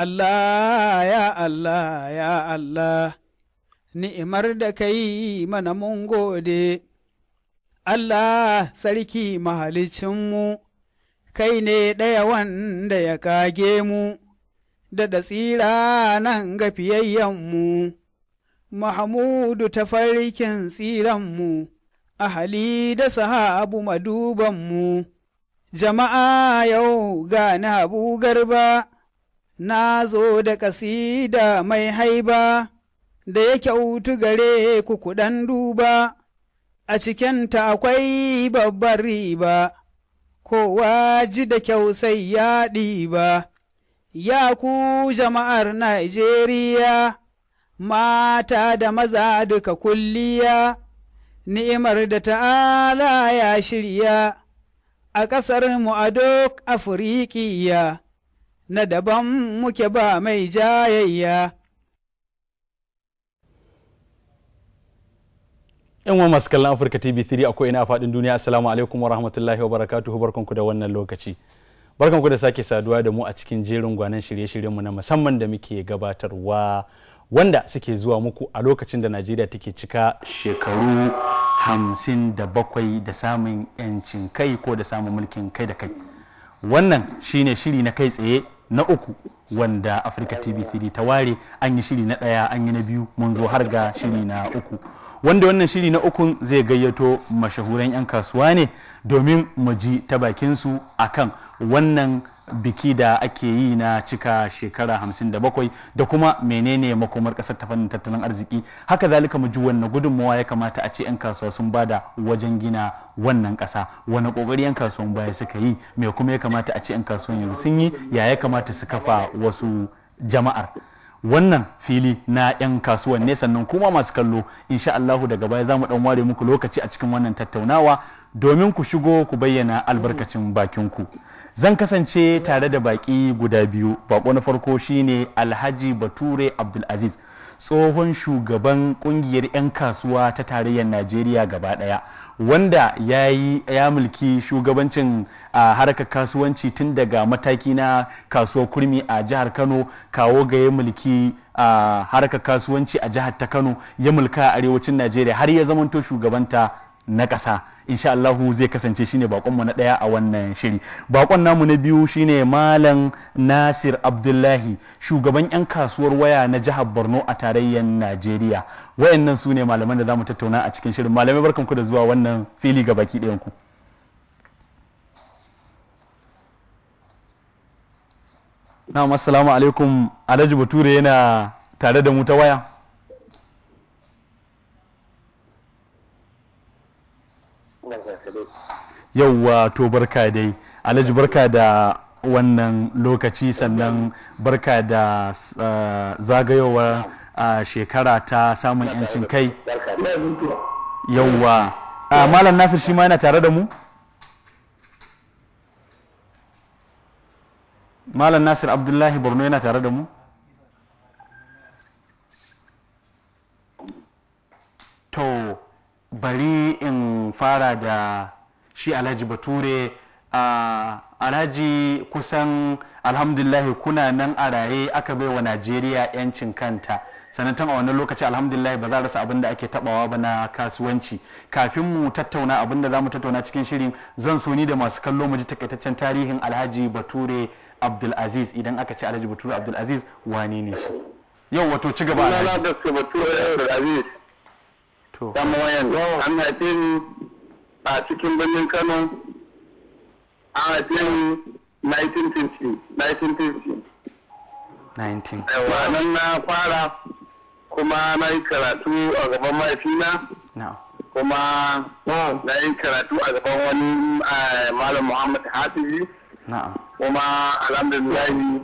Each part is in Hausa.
Allah ya Allah ya Allah ni'imar da ka yi mana mun gode Allah sarki mahalicinmu kai ne ɗaya wanda ya kage mu da da tsira nan ga fiyayyenmu Mahamudu farkin tsiranmu ahali da sahabu madubanmu jama'a yau gani Habu garba na zo da ƙasida mai haiba da ya kyautu gare ku kuɗan duba, a cikinta akwai babbar riba, kowa ji da kyau sai ya ɗiba, ya ku jama'ar Najeriya, mata da maza duka kulliya, ni'imar da ta'ala ya shirya, a ƙasar mu a duk Afirikiya. na daban muke ba mai jayayya. yan wa masu kallon afirka tv 3 a ko'ina a faɗin duniya assalamu alaikum wa rahmatullahi wa barakatuhu barkanku da wannan lokaci barkanku da sake saduwa da mu a cikin jerin gwanan shirye-shiryenmu na musamman da muke gabatarwa wanda suke zuwa muku a lokacin da najeriya take cika shekaru hamsin da bakwai da samun yancin kai ko da samun mulkin kai da kai wannan shine shiri na kai tsaye na uku wanda Africa TV 3 ta ware an yi shiri na ɗaya an yi na biyu mun zo har ga shiri na uku wanda wannan shiri na uku zai gayyato mashahuran 'yan kasuwa ne domin mu ji ta bakinsu akan wannan biki da ake yi na cika shekara 57 da kuma menene makomar kasar ta fannin tattalin arziki haka zalika mu ji wannan gudunmawa ya kamata a ce 'yan kasuwa sun bada wajen gina wannan kasa wani kokari 'yan kasuwan baya suka yi me kuma ya kamata a ce 'yan kasuwan yanzu sun yi ya ya kamata su kafa wasu jama'ar wannan fili na 'yan kasuwan ne sannan kuma masu kallo insha Allahu daga baya za mu dan ware muku lokaci a cikin wannan tattaunawa domin ku shigo ku bayyana albarkacin bakin ku zan kasance tare da baki guda biyu bako na farko shine alhaji bature abdulaziz tsohon shugaban kungiyar 'yan kasuwa ta tarayyar najeriya gaba daya wanda ya yi ya mulki shugabancin a harkar kasuwanci tun daga mataki na kasuwar kurmi a jihar kano kawo ga ya mulki a harkar kasuwanci a jihar ta kano ya mulka a arewacin najeriya har ya zamanto shugabanta na ƙasa insha Allahu zai kasance shine bakon mu na daya a wannan shiri bakon namu na biyu shine malam Nasir Abdullahi shugaban yan kasuwar waya na jihar Borno a tarayyar Najeriya wayannan su ne malaman da zamu tattauna a cikin shirin malamai barkanku da zuwa wannan fili ga baki ɗayan ku na assalamu alaikum Alhaji Bature yana tare da mu ta waya yauwa to barka dai alhaji barka da wannan lokaci sannan barka da eh, zagayowar eh, shekara ta samun yancin kai yauwa ah, malam nasir shi ma yana tare da mu malam nasir abdullahi borno yana tare da mu to bari in fara da shi alhaji bature alhaji kusan alhamdulillahi kuna nan a raye aka bai wa najeriya yancin kanta sanatan a wani lokaci alhamdulillahi ba za a rasa abin da ake tabawa ba na kasuwanci kafin mu tattauna abin da za mu tattauna cikin shirin zan so ni da masu kallo mu ji takaitaccen tarihin alhaji bature abdulaziz idan aka ci alhaji bature abdulaziz wane ne shi yau wato ci gaba alhaji bature abdulaziz to a cikin birnin Kano a haife 1950 1950 nan na fara kuma na yi karatu a gaban mahaifina kuma na yi karatu a gaban wani malam muhammad hafizi kuma alhamdulillahi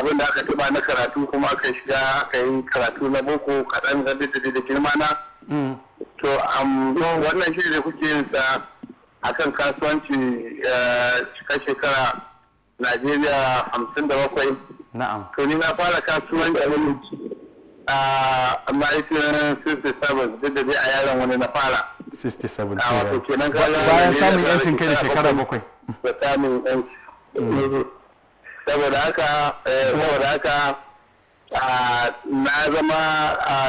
abin da aka taba na karatu kuma aka shiga aka yi karatu na boko kaɗan zabi da girma na mm. to amma wannan shi da kuke yin sa akan kasuwanci eh, cikin shekara najeriya hamsin da bakwai na'am to ni na fara kasuwanci a ma'aikin 67 duk da dai a yaron wani na fara 67 a wato kenan bayan samun yancin kai da shekara bakwai da samun yanci mm. saboda haka eh, saboda haka na zama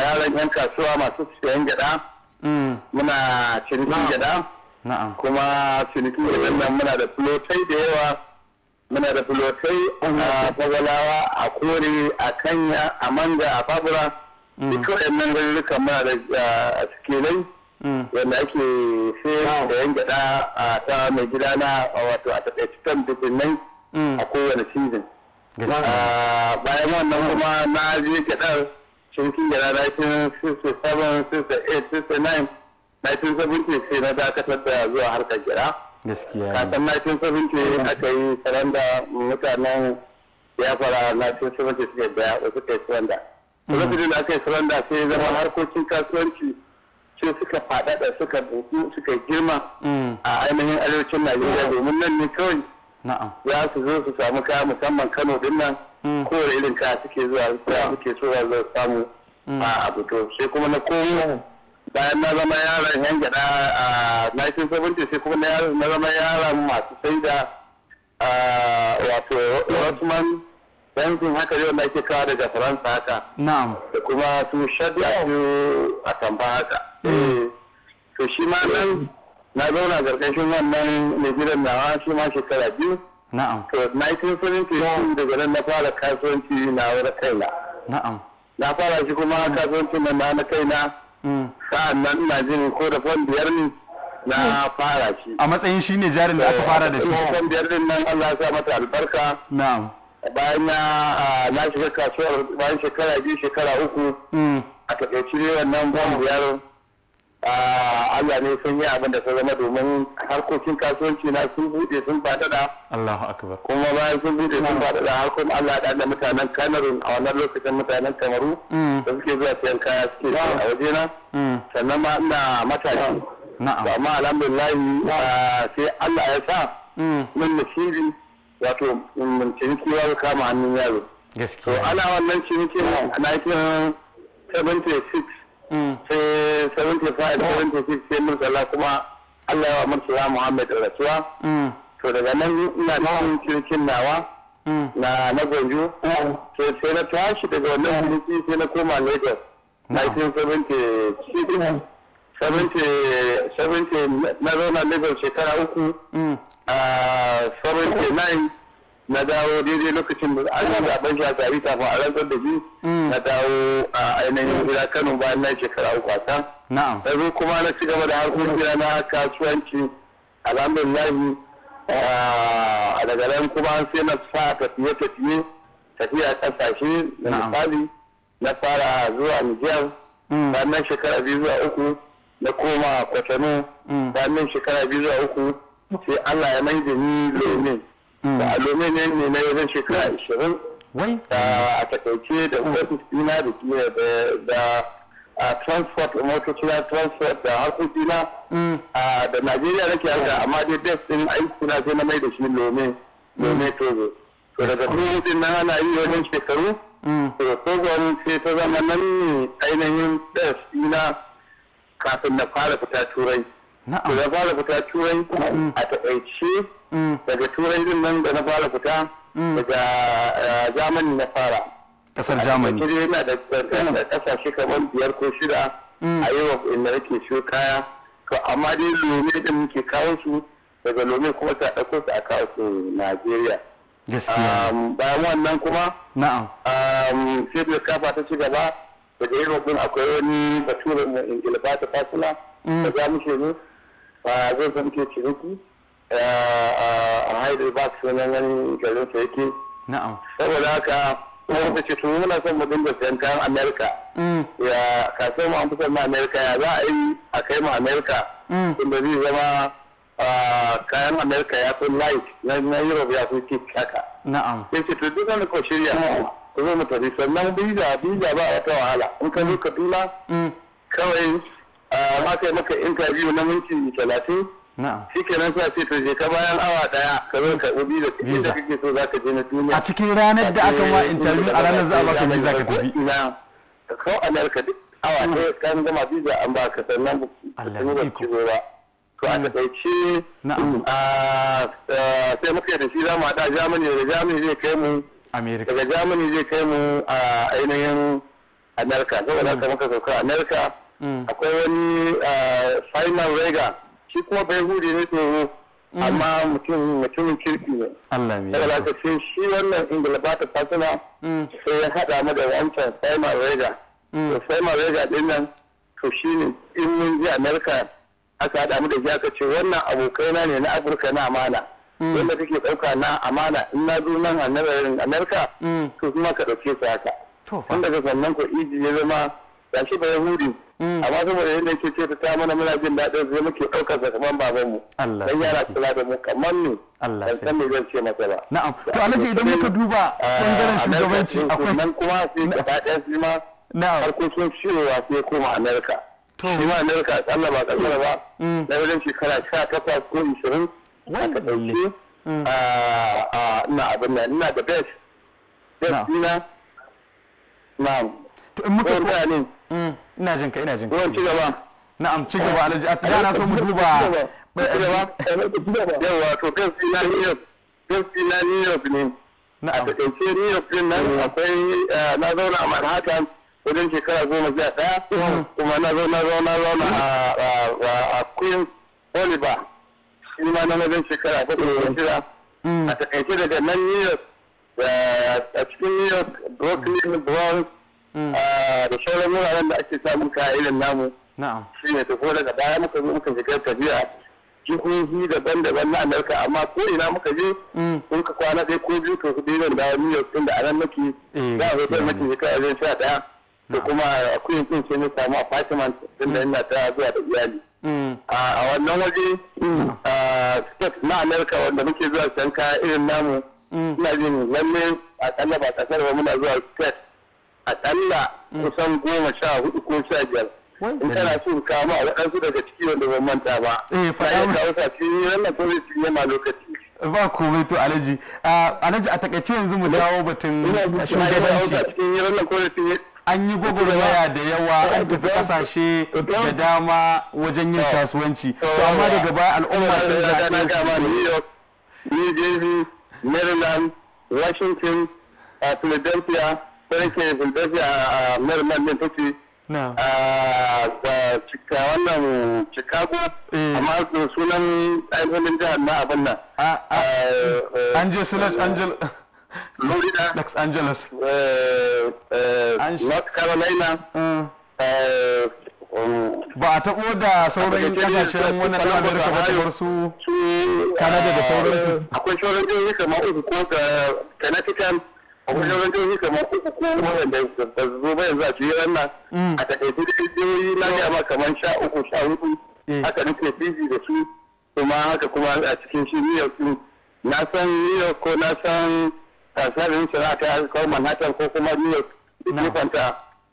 yaran yan kasuwa masu siyan gyada Mm. muna cinikin gyada kuma cinikin gyadan nan muna da filotai da yawa muna da filotai mm. a tagalawa a kore a kanya a manga a fabura mm. duk waɗannan garurukan muna da sikilai wanda ake sai da yan gyada a ta mai gida na wato a taƙaice kan dukkanin a kowane season bayan wannan kuma na je gyadar cinikin da na 1967 1970 sai na dakatar da zuwa harkar gira gaskiya kasan 1970 aka yi saranda mutanen ya fara 1970 suka daya wasu kai saranda mm. lokacin da aka yi saranda sai zama harkokin kasuwanci sai suka faɗaɗa suka buɗu suka girma mm. a ainihin arewacin najeriya domin nan ne kawai ya su zo su samu kaya musamman kano din nan Hmm. kowane irin ka suke zuwa da hmm. suke so za su samu hmm. a abuto sai kuma na komo bayan na zama yaran yan gada a 1970 sai kuma na zama yaran masu sai da wato rosman yankin haka yau da ake kawo daga faransa haka da kuma su shaɗi a tamba haka eh, to shi ma nan na zauna ƙarƙashin wannan mai gidan nawa shi ma shekara biyu na'am to daga nan na fara na wani kaina na'am na fara shi kuma nan mm. na mm. jin ko da fon biyar ne na mm. fara shi a matsayin shi jarin da aka eh, fara da shi sa mata albarka na'am bayan na shiga kasuwar bayan shekara biyu shekara uku a takaici ne wannan fon biyar Ah, Allah ne sun yi abin da sun zama domin harkokin kasuwanci na sun buɗe sun faɗaɗa. Allahu akbar. Kuma bayan sun buɗe sun faɗaɗa har kuma Allah ya da mutanen Cameroon a wannan lokacin mutanen Kamaru. Mm. Da suke zuwa siyan kaya suke a waje na. Mm. Sannan ma ina matashi. Na'am. Amma alhamdulillah ah, sai Allah ya sa. Mm. Mun nishiri wato mun ciniki ya kama hannun yaro. Gaskiya. To ana wannan cinikin a 1976 sai 75 76 sai mursala kuma Allah ya wa mursala Muhammad rasuwa mm. to daga nan ina cikin oh. cikin nawa mm. na na gonjo oh. to sai na tashi daga wannan ciniki sai na koma Lagos 1976 70 na zauna Lagos shekara uku 79 mm. ah, na dawo daidai lokacin da an yi zaben tsari kafin a rantsar da shi mm. na dawo a ainihin gida kano bayan na shekara uku a can na zo kuma na ci gaba da harkokin na kasuwanci alhamdulillahi eh, daga nan kuma sai na sa tafiye-tafiye tafiya kasashe da misali na fara zuwa nijiyar mm. bayan shekara biyu zuwa uku na koma Kwatano mm. bayan shekara biyu zuwa uku sai Allah ya mai da ni lomi da mm. aluminium ne na yanzu shekara mm. ashirin a takaice da mm. ofis dina da tsina da a transport motocina transport da harkokina da najeriya nake haka amma dai def din aiki na sai na mai da shi lome lome togo to daga togo din nan ana yi wajen shekaru to togo sai ta zama nan ne ainihin def dina kafin na fara fita turai da fara fita turai a takaice daga turai din nan da na fara fita daga zamani eh, na fara kasar jamani kuma yana da kasashe kamar biyar ko shida a yau inda nake shi kaya to amma dai lome da muke kawo su daga lome kuma ta ɗauko su a kawo su nigeria bayan wannan kuma na'am sai da kafa ta ci gaba daga europe din akwai wani bature mai ingila ba ta fasula mm. da za mu ne ba zai zan ke ciniki a su sunan wani garin sa yake na'am saboda haka da ce to muna son mu dinga siyan kayan America mm. ya kasuwar mu an fi son mu America ya za a yi a kai mu America mm. da zai zama kayan America ya fi light na Europe ya fi kick haka na'am sai ce to duk wani ko shirya mm. ko zo mu tafi sannan biza biza ba a ta wahala in ka zo Kaduna kawai ma kai maka interview na minti talatin shi kenan kuwa ce to je ka bayan awa daya ka zo ka ubi da cikin da kake so zaka je na duniya a cikin ranar da aka ma eh, interview a ranar za a baka visa ka tafi ina ka kawo amerika duk awa ɗaya hmm. ka gama visa an ba baka sannan ba ka ba to a hmm. takaice sai muka da shi za mu haɗa germany daga germany zai kai mu daga jamani zai kai mu a ainihin america saboda haka hmm. muka sauka america akwai wani final rega shi kuma bai hudu ne tsoro amma mutum mutumin kirki ne Allah ya daga lokacin shi wannan ingila ba ta fasina mm. sai ya haɗa mu da wancan Saima Rega mm. to Saima Rega din nan to ne in mun ji America aka haɗa mu da shi aka ce wannan abokaina ne na Afirka na amana mm. wanda kake ɗauka na amana in na zo nan a America to kuma ka ɗauke su haka Wanda daga sannan ko Iji ya zama ga shi ba yahudi mm. amma saboda yadda yake ce ta mana muna jin daɗin zai muke ɗaukar sa kamar baban mu Allah dan yana kula da mu kamar ne Allah sai san me zan ce masa ba na'am to alaji idan muka duba ah, bangaren shugabanci akwai nan kuma sai gaba ɗaya shi ma na'am harkokin cirewa sai koma Amerika shi ma Amerika Allah ba kasar ba mm. na wajen shekara sha 18 ko ishirin aka ɗauke mm. ah, ah, ina abin nan ina da best best dina na'am to in muka ko Mm, ina jin ka ina jin ka ruwan cigaba na'am cigaba alhaji a na so mu duba eh, yawa to gaski na new york gaski na new york ne a takaice new york din nan mm. akwai eh, na zauna a manhattan wajen shekara goma sha ɗaya mm. kuma na zauna zauna zauna a queen oliver shi ma na wajen shekara ta ɗaya shida a takaice daga nan new york eh, a cikin new york brooklyn bronx Mm. Ah, da sauran wuraren da ake samun kaya irin namu shi ne tafiya daga baya muka zo muka shiga tafiya jihohi daban-daban na amurka amma ko ina muka je kun mm. ka kwana dai ko biyu to hudu zan dawo new york tunda a nan nake eh, za a hotar nake a zai sha ɗaya da kuma akwai yankin ce na samu apartment da mm. ina ta zuwa da iyali a wannan waje state na amurka wanda muke zuwa can irin namu ina jin lalle a kalla ba kasar ba muna zuwa state akalla mm. kusan goma sha hudu ko sha biyar in kana so kama waɗansu daga ciki wanda ban manta ba eh fara ka wasa cikin wannan ko zai cinye ma lokaci ba komai to alhaji alhaji a takaice yanzu mu dawo batun shugabanci an yi gwagwarmaya da yawa an tafi kasashe da dama wajen yin kasuwanci to amma daga baya al'umma sun zaɓe new york new jersey maryland washington philadelphia sarki buldafi a maryland din take a cika wannan chicago eh. amma sunan ainihin jihar na abin nan eh, eh, angel los angel florida los angeles north carolina mm. um, ba a tabo da sauran kasashen wannan ɗan amurka su kanada da sauransu akwai sauran jihohi kamar uku ko connecticut akwai mm. yawanci kamar uku ko wanda ba su zo ba yanzu a cikin nan a takaice da jihohi na gaya ma kamar sha uku sha hudu eh. haka nake fiji da su kuma haka kuma a cikin shi new york din na san new york ko na san tasirin sana'a ta kawo manhattan ko kuma new york nufanta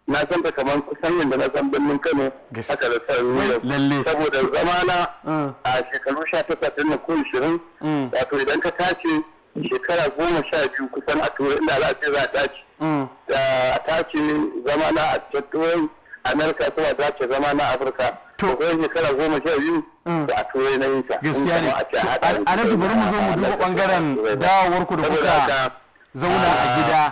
na san ta kamar kusan yadda na san birnin kano haka da sa lalle saboda zamana mm. a shekaru sha takwas na ko ishirin mm. wato idan ka tashi shekara goma sha biyu kusan a turai inda za a ce za a tashi mm. da a tashi zama na a turai Amerika kuma za ta zama na afirka to kuma shekara goma sha biyu mm. da a turai na yinsa gaskiya ne a nan bari mu zo mu duba bangaren dawowar ku da kuka zauna a gida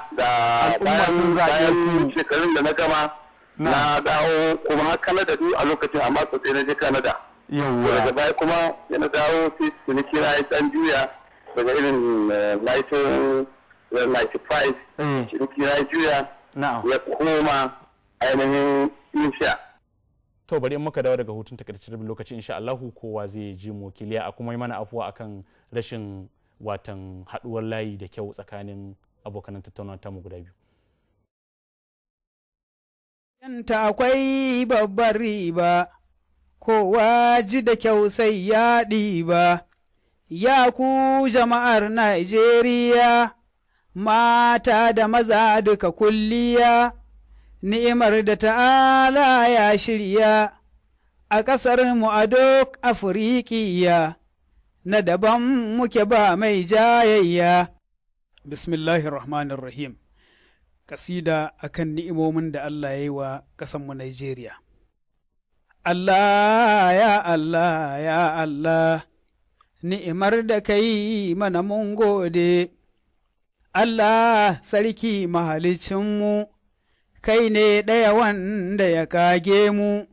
al'umma sun zaɓe ku shekarun da na gama na dawo kuma har kanada duk a lokacin amma sosai na je kanada yawwa daga baya kuma yana dawo sai ciniki kira ya san juya daga irin eh, eh, mm. ya koma ainihin insha to bari in muka dawo daga hutun takaitaccen lokaci insha Allahu kowa zai ji mu kiliya a kuma yi mana afuwa akan rashin watan haduwar layi da kyau tsakanin abokan tattaunawa mu guda biyu ta akwai babbar riba kowa ji da kyau sai ya ɗiba ya ku jama'ar Najeriya, mata da maza duka kulliya, ni'imar da ta'ala ya shirya a ƙasar mu a duk Afirikiya, na daban muke ba mai jayayya. Bismillahirrahmanirrahim. Kasida akan ni'imomin da Allah ya yi wa ƙasanmu Najeriya. Allah ya Allah ya Allah. ni'imar da ka yi mana mun gode. Allah sarki mahalicinmu, kai ne ɗaya wanda ya kage mu,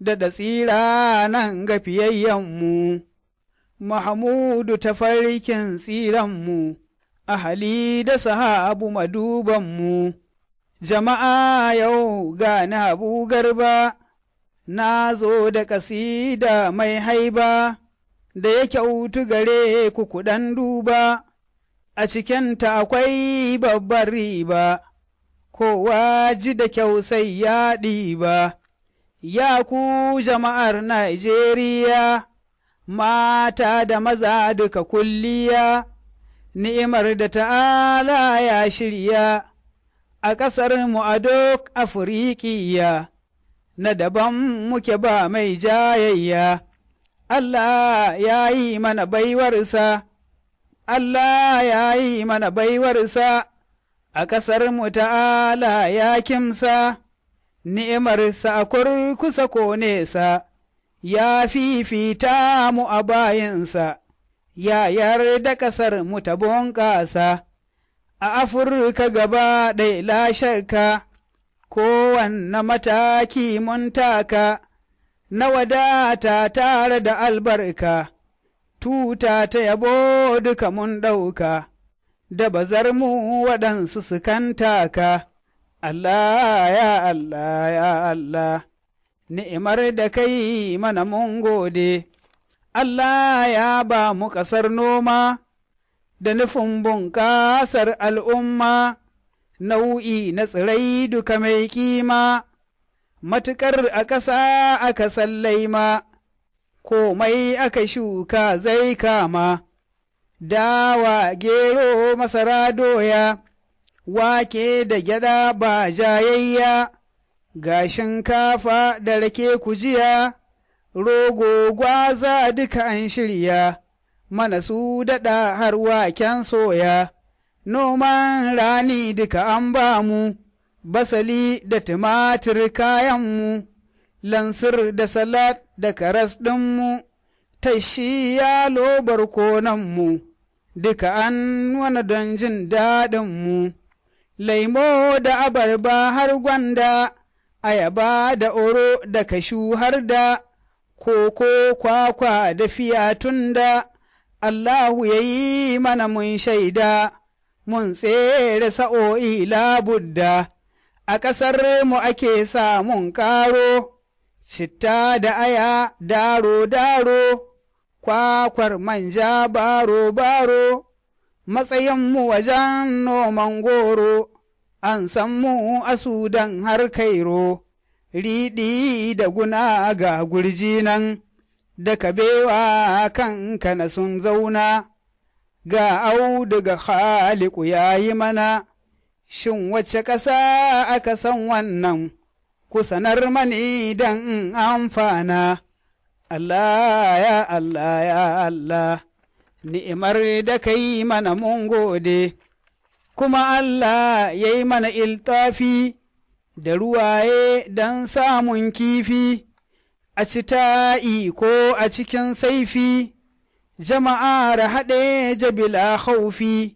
da da tsira nan ga fiyayyenmu, Mahamudu farkin tsiranmu, ahali da sahabu madubanmu, jama'a yau ga na garba, na zo da ƙasida mai haiba. da ya kyautu gare ku kuɗan duba, a cikinta akwai babbar riba, kowa ji da kyau sai ya ɗiba, ya ku jama'ar Najeriya, mata da maza duka kulliya, ni'imar da ta'ala ya shirya. a ƙasar mu a duk na daban muke ba mai jayayya. Allah ya yi mana baiwarsa, Allah ya yi mana baiwarsa, a ƙasarmu Allah ya kimsa, ni'imarsa a kurkusa ko nesa, ya fifita mu a bayinsa. ya yarda ƙasarmu ta bunƙasa, a Afirka gaba ɗaya la kowanne mataki mun taka. na wadata tare da albarka, tuta ta yabo duka mun ɗauka, da bazar mu waɗansu su kanta ka, Allah ya Allah ya Allah, ni'imar da kai mana mun gode, Allah ya ba mu ƙasar noma, da nufin bunƙasar al'umma, nau'i na tsirai duka mai kima. matuƙar a ƙasa aka ma, komai aka shuka zai kama dawa gero masara doya wake da gyada ba jayayya ga shinkafa da rake kujiya rogo gwaza duka an shirya mana su daɗa har waken soya noman rani duka an ba mu basali da tumatir kayanmu, lansir da salat da karas ɗinmu, ta ya lobar konanmu, duka an wani don jin daɗinmu, laimo da abarba har gwanda, ayaba da oro da kashu har da, koko kwakwa da fiyatun da, Allahu ya yi mana mun shaida, mun tsere sa'o'i labudda. a ƙasar mu ake samun ƙaro, citta da aya daro-daro, kwakwar manja baro-baro, mu wajen noman goro, an san mu a Sudan har Kairo, riɗi da guna ga gurji nan, da kabewa kan kana sun zauna, ga auduga haliku ya yi mana. Shin wace ƙasa aka san wannan, ku sanar mani don amfana, Allah ya Allah ya Allah, ni'imar da ka yi mana mun gode, kuma Allah ya yi mana iltafi da ruwaye don samun kifi, a cita'i ko a cikin saifi, jama'a da haɗe jabila haufi.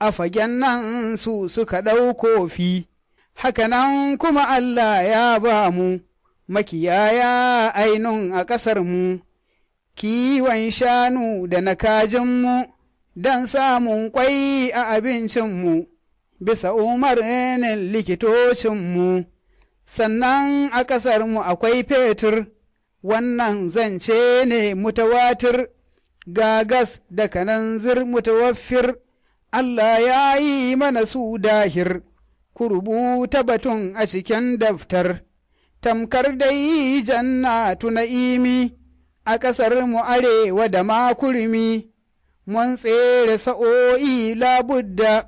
a fagen nan su suka ɗau kofi, hakanan kuma Allah ya ba mu, makiyaya ainun a ƙasarmu, kiwon shanu da na kajinmu, don samun ƙwai a abincinmu, bisa umar umarnin likitocinmu, sannan a ƙasarmu akwai fetur, wannan zance ne mutawatir, gagas gagas da kananzir mutawaffir. Allah ya yi mana su dahir, ku rubuta batun a cikin daftar, tamkar da yi tuna imi a ƙasar mu arewa da makurmi, mun tsere sa'o'i labudda,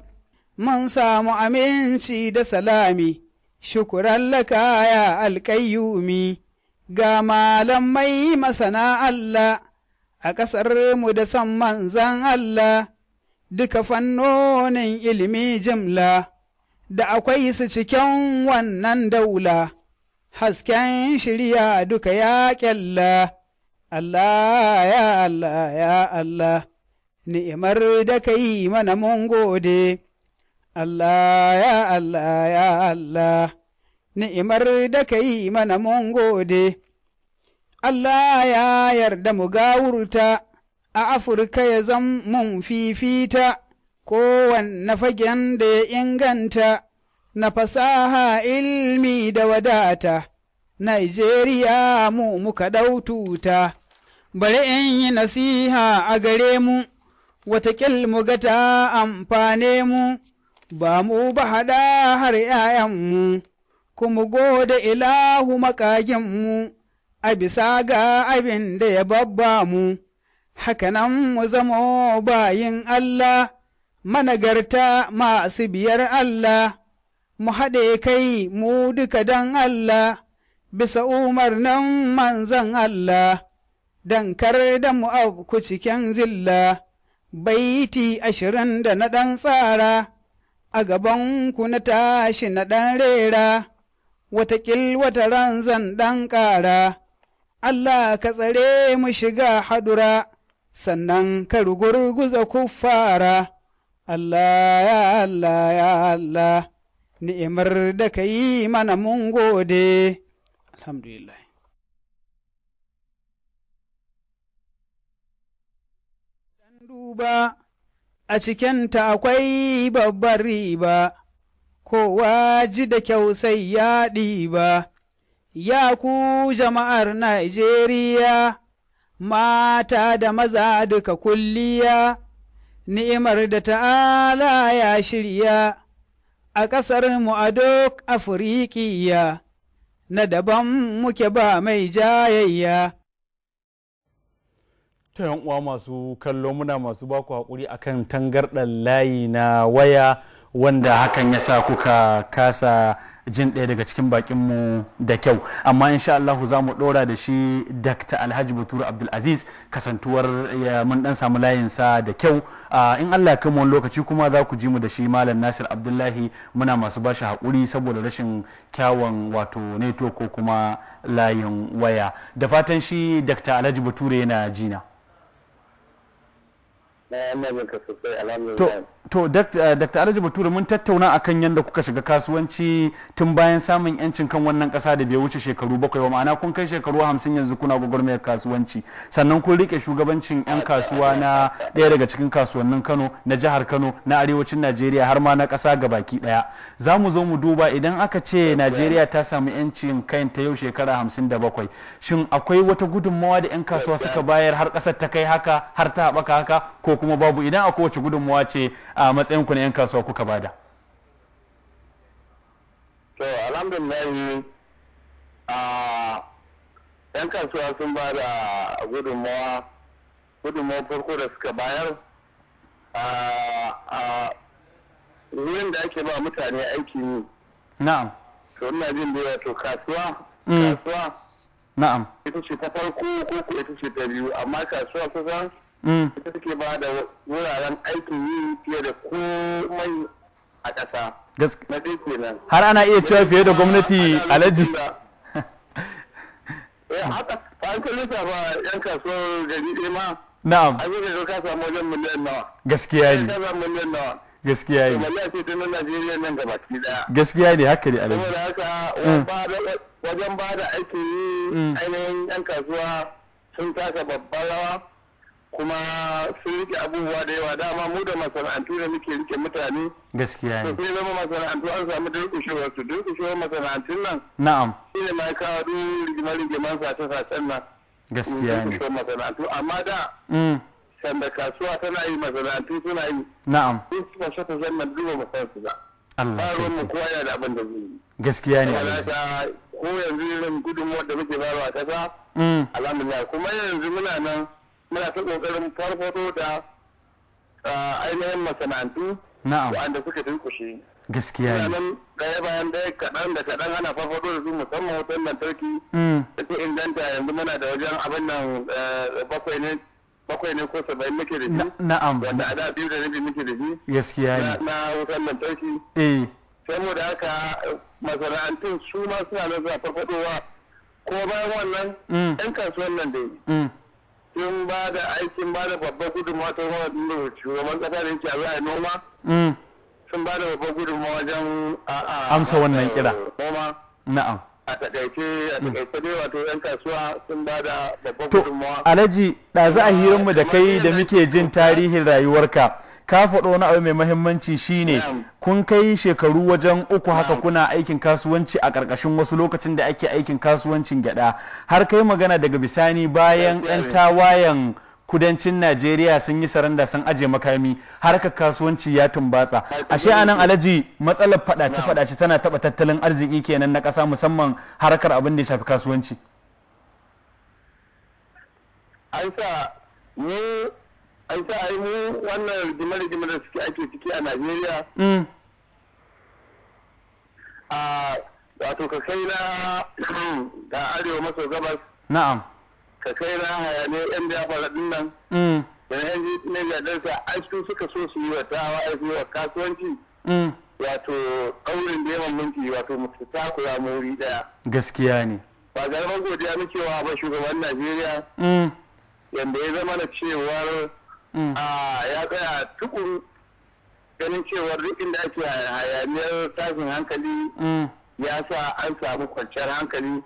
mun samu aminci da salami, shukuran lakaya alƙayyumi, ga malamai masana Allah a ƙasar mu da san manzan Allah. duka fannonin ilimi jimla da akwai su cikin wannan daula hasken shirya duka ya ƙyalla Allah ya Allah ya Allah ni'imar da ka yi mana mun gode Allah ya Allah ya Allah ni'imar da ka yi mana mun gode Allah ya yarda mu gawurta a Afirka ya zan mun fifita, kowanne fagen da ya inganta, na fasaha ilmi da wadata, Nigeria mu muka ɗaututa, bari in yi nasiha a gare mu, watakil mu ga ta amfane mu, ba mu ba haɗa har mu, kuma gode ilahu makaginmu, a bisa ga abin da ya babba mu. hakanan mu zamo bayin Allah, managarta masu biyar Allah, mu haɗe kai mu duka don Allah, bisa umarnin manzan Allah, don kar da mu auku cikin zilla, baiti ashirin da na ɗan tsara, a gabanku na tashi na ɗan rera, watakil wata ran zan ɗan ƙara, Allah ka tsare mu shiga hadura. sannan ka ku fara. Allah ya Allah ya Allah ni'imar da ka yi mana mun gode alhamdulillah duba a cikinta akwai babbar riba kowa ji da kyau sai ya ɗiba ya ku jama'ar Najeriya mata da maza duka kulliya ni'imar da ta'ala ya shirya a ƙasar mu a duk afirikiya na daban muke ba mai jayayya ta uwa masu kallo muna masu baku haƙuri akan tangarɗar layi na waya wanda hakan ya sa kuka kasa jin ɗaya daga cikin bakinmu da kyau amma insha Allah za mu ɗora da shi Dr. Alhaji Batura Abdulaziz kasantuwar mun ɗan samu layinsa da kyau in Allah ya wani lokaci kuma za ku ji mu da shi Malam Nasir Abdullahi muna masu ba shi haƙuri saboda rashin kyawun wato neto ko kuma layin waya da fatan shi Dr. Alhaji Bature yana jina. to eh, dr alhaji bature mun tattauna akan yadda kuka shiga kasuwanci tun bayan samun yancin kan wannan kasa da bai wuce shekaru bakwai ba ma'ana kun kai shekaru hamsin yanzu kuna gwagwarmayar kasuwanci sannan kun rike shugabancin yan kasuwa na ɗaya daga cikin kasuwannin kano na jihar kano na arewacin najeriya har ma na kasa ga baki ɗaya za mu zo mu duba idan aka ce najeriya ta samu yancin kayan ta yau shekara hamsin da bakwai shin akwai wata gudunmawa da yan kasuwa suka bayar har ƙasar ta kai haka har ta haɓaka haka ko kuma babu idan akwai wace gudunmawa ce a matsayin ku na 'yan kasuwa kuka bada to alhamdulillah a 'yan kasuwa sun ba da gudunmawa gudunmawa farko da suka bayar a wurin da ake ba mutane aiki yi na'am to ina jin da to kasuwa mm. kasuwa na'am ita ce ta farko ko ita ce ta biyu amma kasuwa kusan Mm. ita suke ba da wuraren aikin yi fiye da komai a ƙasa na ɗaya kenan har ana iya cewa fiye da gwamnati alhaji eh, haka hankalin sa ba yan kasuwar gari ɗaya ma na'am a zai ka samu wajen miliyan nawa gaskiya ne eh, ka samu miliyan nawa gaskiya ne wallahi sai ta Najeriya nan gaba ki daya gaskiya ne haka ne alhaji saboda haka mm. wajen ba da aikin yi mm. ainihin yan kasuwa sun taka babbar rawa kuma sun rike abubuwa da yawa dama mu da masana'antu da muke rike mutane gaskiya ne sai zama masana'antu an samu durƙushewar su durƙushewar masana'antun nan na'am shi ne ma kawo duk rigimar-rigimar sace-sacen nan gaskiya ne masana'antu amma da mm. sanda kasuwa tana yi masana'antu suna yi na'am sun suka shata zannan duba masana'antu ba Allah ya mu kowa yana da abin da zai yi gaskiya ne ko yanzu irin gudunmuwar da muke bayarwa kasa mm. alhamdulillah kuma yanzu muna nan muna ta kokarin farfado da ainihin masana'antu wa'anda suka durkushe gaskiya ne daya bayan daya kaɗan da kaɗan ana farfado da su musamman wutan lantarki mm. da ta inganta yanzu muna da wajen abin nan eh, bakwai ne bakwai ne ko saba'in muke da shi na'am wanda a da biyu da rabi muke da shi gaskiya ne na wutan lantarki eh saboda haka masana'antun su ma suna nan suna farfadowa ko bayan wannan ɗan mm. kasuwan nan yi. sun ba da aikin ba da babbar gudunmawa ta da shugaban kasa da yake a noma mm. sun ba da babbar gudunmawa wajen amsa wannan kira noma na'am a takaice a mm. takaice dai wato yan kasuwa sun ba da babbar gudunmawa alhaji ɗazu a hirinmu da kai da muke jin tarihin rayuwarka ka faɗo wani abu mai mahimmanci shine kun kai shekaru wajen uku haka kuna aikin kasuwanci a ƙarƙashin wasu lokacin da ake aikin kasuwancin gyaɗa har kai magana daga bisani bayan 'yan tawayen kudancin najeriya sun yi saranda sun aje makami harkar kasuwanci ya tumbatsa ashe anan alhaji matsalar faɗace faɗace tana taɓa tattalin arziki kenan na ƙasa musamman harkar abin da ya shafi kasuwanci an sa ni an sa a yi mu wannan rigimar-rigimar da suke ake ciki a najeriya mm. a wato ka kai na da arewa maso gabas na'am ka kai na hayane yan biafra din nan mm. da na yanzu ne da dansa a su suka so su yi wa tawa wa aiki wa kasuwanci mm. wato ɗaurin da yawan minti wato mutu kula muri daya gaskiya ne ba garban godiya muke ba shugaban najeriya yadda ya zama na cewar Mm. Ah, ya tsaya tukun ganin cewar rikin da ake hayaniyar tashin hankali mm. ya sa an samu kwanciyar hankali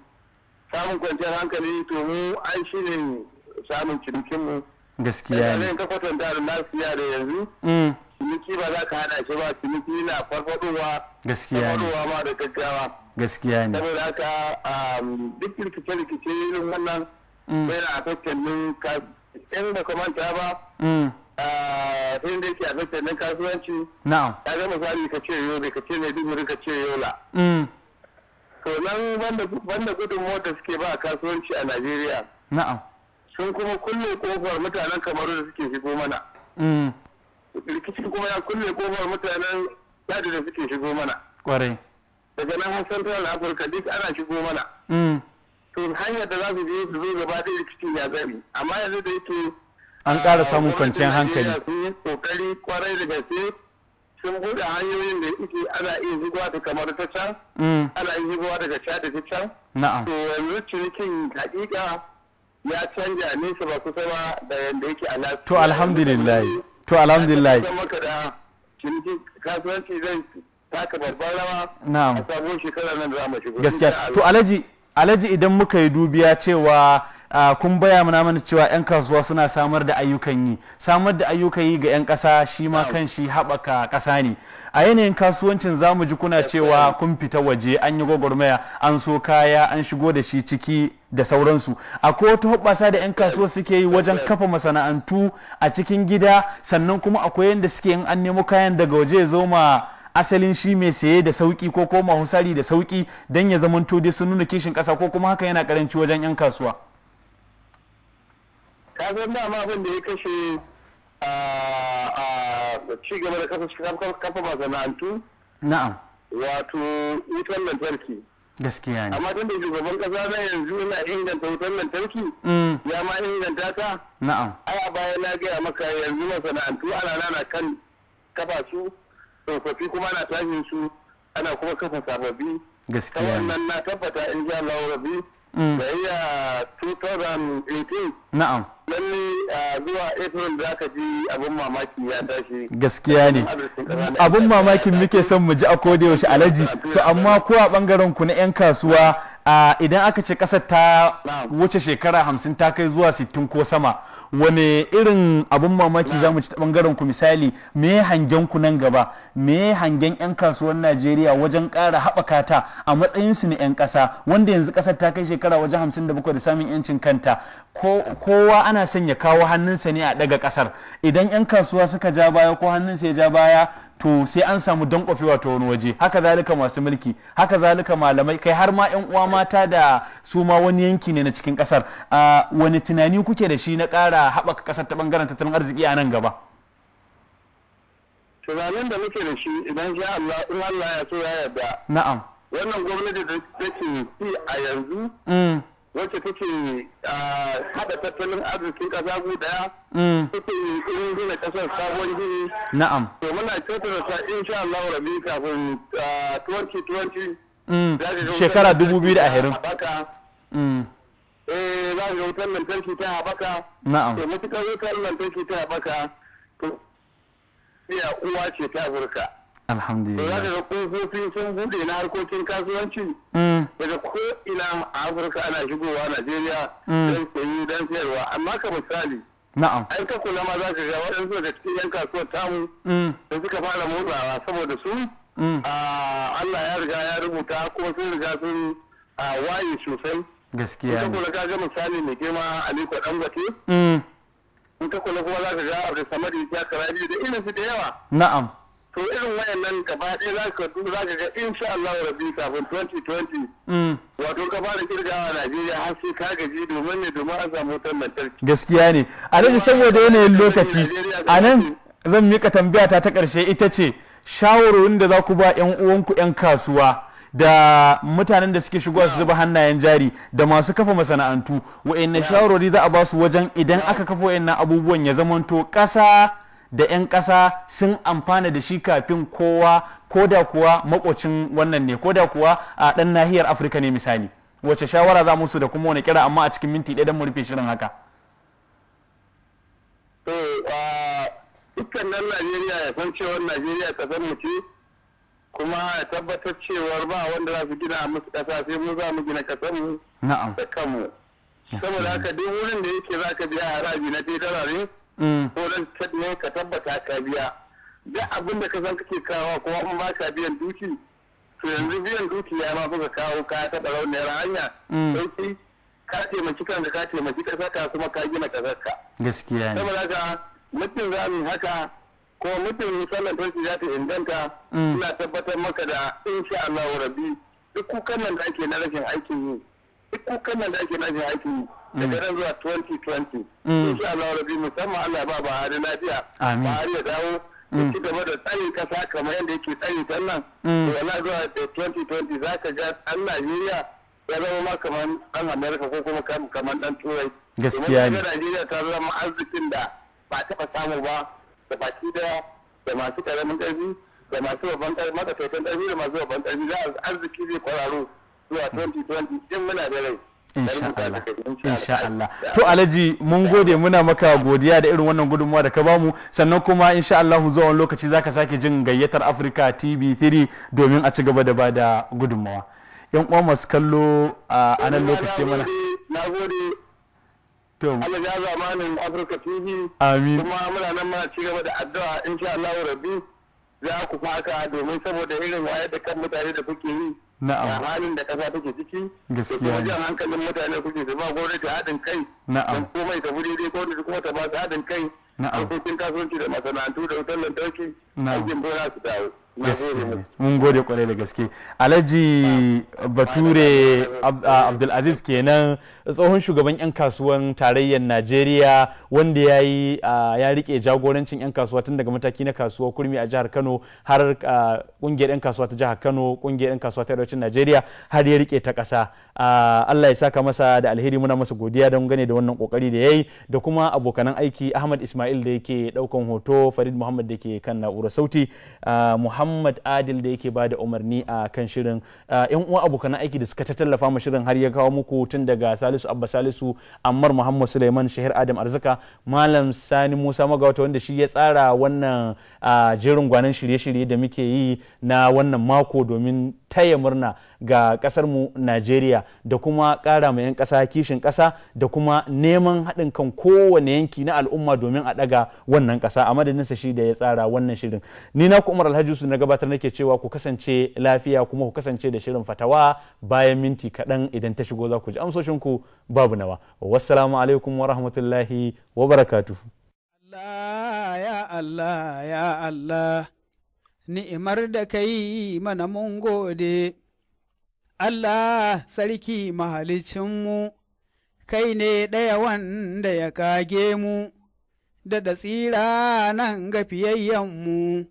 samun kwanciyar hankali to mu an shi ne samun cinikinmu gaskiya ne ka kwatanta da siya da yanzu mm. ciniki ba za ka hada shi ba ciniki na farfadowa gaskiya ne ma da gaggawa gaskiya ne saboda haka um, duk rikice-rikice irin wannan bai na a tattalin ka in ba ka manta ba Mm. Eh, in da yake abin nan kasuwanci Na ya zama misali ka ce da ka ce maiduguri ka ce yola mm. to nan banda gudun mota suke ba a kasuwanci a najeriya sun kuma kulle kofar mutanen kamaru da suke shigo mana mm. rikici kuma ya kulle kofar mutanen yadda da suke shigo mana kwarai daga nan har central africa duk ana shigo mana to hanyar da za su je su zo gaba da rikici ya zari amma yanzu da yake an ƙara samun kwanciyar hankali sun yi kokari kwarai da gaske sun bude hanyoyin da ike ana iya zuwa da kamar ta can mm. ana iya zuwa daga sha da can na'am to yanzu cinikin hakika ya canja nesa ba kusa ba da yanda yake a to alhamdulillah to alhamdulillah ciniki kasuwanci zai taka babbar rawa na'am a sabon shekara nan za mu shigo gaskiya to alaji alaji idan muka yi dubiya cewa Ah, kun baya mana mana cewa 'yan kasuwa suna samar da ayyukan yi samar da ayyukan yi ga 'yan kasa shi ma kan shi haɓaka ƙasa ne a yanayin kasuwancin za mu ji kuna cewa kun fita waje an yi gwagwarmaya an so kaya an shigo da shi ciki da sauransu akwai wata hoɓɓasa da 'yan kasuwa suke yi wajen kafa masana'antu a cikin gida sannan kuma akwai yadda suke yin an nemo kayan daga waje zo ma asalin shi mai saye da sauki ko koma husari da sauki don ya zamanto dai sun nuna kishin ƙasa ko kuma haka yana karanci wajen 'yan kasuwa ka san dama abin da ya kashe a ci gaba da kafa kafa masana'antu na'am wato wutar lantarki gaskiya ne amma tun da shugaban kasa na yanzu yana inganta wutar lantarki mm. ya ma inganta ta na'am ai a baya na gaya maka yanzu masana'antu ana nana kan kafa su tsofaffi kuma ana tashin su ana kuma kafa sababbi gaskiya ta wannan na tabbata in ja Allah rabi da iya 2018 na'am lalle zuwa april za ka ji abin mamaki ya tashi gaskiya ne abin mamakin muke son mu ji a koda yaushe alaji to amma ko a bangaren ku na yan kasuwa idan aka ce kasar ta wuce shekara hamsin ta kai zuwa sittin ko sama wani irin abun mamaki za mu ci ta bangaren ku misali me hangen ku nan gaba me hangen 'yan kasuwar najeriya wajen ƙara haɓaka ta a matsayin su na 'yan ƙasa wanda yanzu kasar ta kai shekara wajen hamsin da bakwai da samun 'yancin kanta kowa ana son ya kawo hannunsa ne a ɗaga kasar idan 'yan kasuwa suka ja baya ko hannunsa ya ja baya to sai an samu don kofewa ta wani waje haka zalika masu mulki haka zalika malamai kai har ma yan uwa mata da su ma wani yanki ne na cikin kasar wani tunani kuke da shi na kara haɓaka kasar ta bangaren tattalin arziki a nan gaba tunanin da muke da shi idan Allah in Allah ya so ya yarda na'am wannan gwamnati da take ci a yanzu mm. wacce take ah, hada tattalin arzikin kasa guda mm. take irin gina kasar sabon gini na'am to muna kyautata insha Allah rabi kafin 2020 ah, mm. shekara 2020 mm. eh za ga wutar lantarki ta haɓaka na'am to mutukar wutar lantarki ta haɓaka to iya uwa ce ta burka alhamdulillah da kofofi sun bude na harkokin kasuwanci mm. daga ko ina a afirka ana shigowa najeriya mm. don sayi don sayarwa amma ka misali na'am ai ka kula ma za ka ga waɗansu daga cikin yan kasuwar tamu mm. da suka fara motsawa saboda su Allah ya riga ya rubuta kuma sun riga sun waye sosai gaskiya ne ka ga misali mai girma Aliko Dangote in ka kula kuma za ka ga Abdul Samad ya da irin su da yawa na'am to irin nan gaba ɗaya za ka duba za ka ga insha Allah rabbi kafin 2020 mm. wato ka fara kirgawa Najeriya har sai ka gaji domin ne domin an samu wutar lantarki gaskiya ne a nan saboda yanayin lokaci a nan zan mika tambaya ta ta ƙarshe ita ce shawarwarin da za ku ba 'yan uwanku 'yan kasuwa da mutanen da suke shigowa su zuba hannayen jari da masu kafa masana'antu wa'in na shawarwari za a ba su wajen idan aka kafa wa'in abubuwan ya zamanto ƙasa da 'yan ƙasa sun amfana da shi kafin kowa ko da kuwa makocin wannan ne ko da kuwa a ɗan nahiyar afirka ne misali wace shawara za musu da kuma wani kira amma a cikin minti ɗaya don mu rufe shirin haka dukkan nan najeriya ya san cewar najeriya ƙasar mu ce kuma ya tabbatar cewar ba wanda za su gina musu ƙasa sai mu za mu gina ƙasar mu da kanmu saboda haka duk wurin da yake za ka biya rabi na tara ne ta ne ka tabbata ka biya da abin da ka san kake kawo kuma in ba ka biyan duki to yanzu biyan duki ya ma kuka kawo ka taɓa ran hanya mm. sauki ka taimaki kanka ka taimaki saka kuma ka gina ka saka. gaskiya ne saboda haka mutum za mu haka ko mutum musallan toshi za ta inganta mm. ina tabbatar maka da insha Allah rabi duk kukan nan da ake na rashin aikin yi duk kukan nan da ake na rashin aikin yi daga mm. nan zuwa 2020 mm. insha Allah rabi musamman Allah ba ba hari lafiya ba hari ya dawo mm. ci gaba da tsayin kasa kamar yadda yake tsayin sannan to wala zuwa 2020 ka ga an Najeriya ya zama ma kamar dan Amerika ko kuma kamar dan Turai gaskiya ne Najeriya ta zama arzikin da ba taɓa samu ba da baki da da masu karamin ƙarfi da masu babban ƙarfi matsakaitan ƙarfi da masu babban ƙarfi za a arziki zai kwararo zuwa 2020 in muna da rai insha Allah to alhaji mun gode muna maka godiya da irin wannan gudunmawa da ka bamu sannan kuma insha Allah zuwa wani lokaci zaka sake jin gayyatar Africa TV3 domin a ci gaba da bada gudunmawa yan uwa masu kallo a nan lokaci mana To. Allah ya zamanin Africa TV. Amin. Kuma muna nan muna ci gaba da addu'a insha Allah rabbi za ku faka domin saboda irin wayar da kan mutane da kuke yi. na'am da halin da kasa take ciki gaskiya ne kuma hankalin mutane kuke su ba ta haɗin kai na'am don komai ta buri dai ne kuma ta ba su haɗin kai na'am kasuwanci da masana'antu da wutar lantarki na'am aikin bora su dawo mun gode kwarai da gaske alhaji bature abdulaziz kenan tsohon shugaban 'yan kasuwan tarayyar najeriya wanda ya yi ya rike jagorancin 'yan kasuwa tun daga mataki na kasuwa kurmi a jihar kano har kungiyar 'yan kasuwa ta jihar kano kungiyar 'yan kasuwa ta yarwacin najeriya har ya rike ta kasa allah ya saka masa da alheri muna masa godiya don gane da wannan kokari da ya da kuma abokanan aiki ahmad ismail da yake daukan hoto farid muhammad da ke kan na'urar sauti muhammad muhammad adil da yake bada umarni a kan shirin yan uwa abokan aiki da suka ta tallafa mu shirin har ya kawo muku tun daga salisu abba salisu ammar muhammad suleiman shahir adam arzika malam sani musa magawata wanda shi ya tsara wannan jerin gwanan shirye-shirye da muke yi na wannan mako domin taya murna ga kasar mu Najeriya da kuma kara ma 'yan kasa kishin kasa da kuma neman haɗin kan kowane yanki na al'umma domin a ɗaga wannan kasa a madadinsa shi da ya tsara wannan shirin ni na ku Umar Alhaji su na gabatar nake cewa ku kasance lafiya kuma ku kasance da shirin fatawa bayan minti kaɗan idan ta shigo za ku ji amsoshin ku babu nawa wassalamu alaikum wa rahmatullahi wa barakatuhu Allah ya Allah ya Allah ni'imar da ka yi mana mun gode. Allah sarki mahalicinmu, kai ne ɗaya wanda ya kage mu, da da tsira nan ga fiyayyenmu,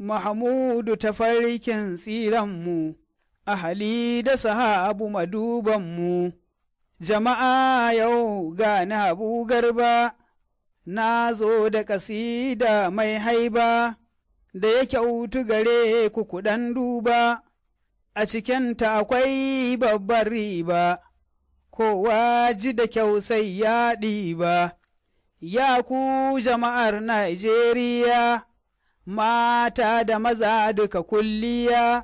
Mahamudu tafarkin tsiranmu, ahali da sahabu madubanmu, jama'a yau ga na garba, na zo da ƙasida mai haiba. da ya kyautu gare ku kuɗan duba, a cikinta akwai babbar riba, kowa ji da kyau sai ya ɗiba, ya ku jama'ar Najeriya, mata da maza duka kulliya,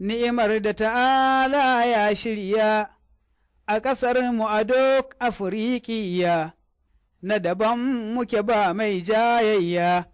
ni'imar da ta'ala ya shirya. a ƙasar mu a duk Afirikiya, na daban muke ba mai jayayya.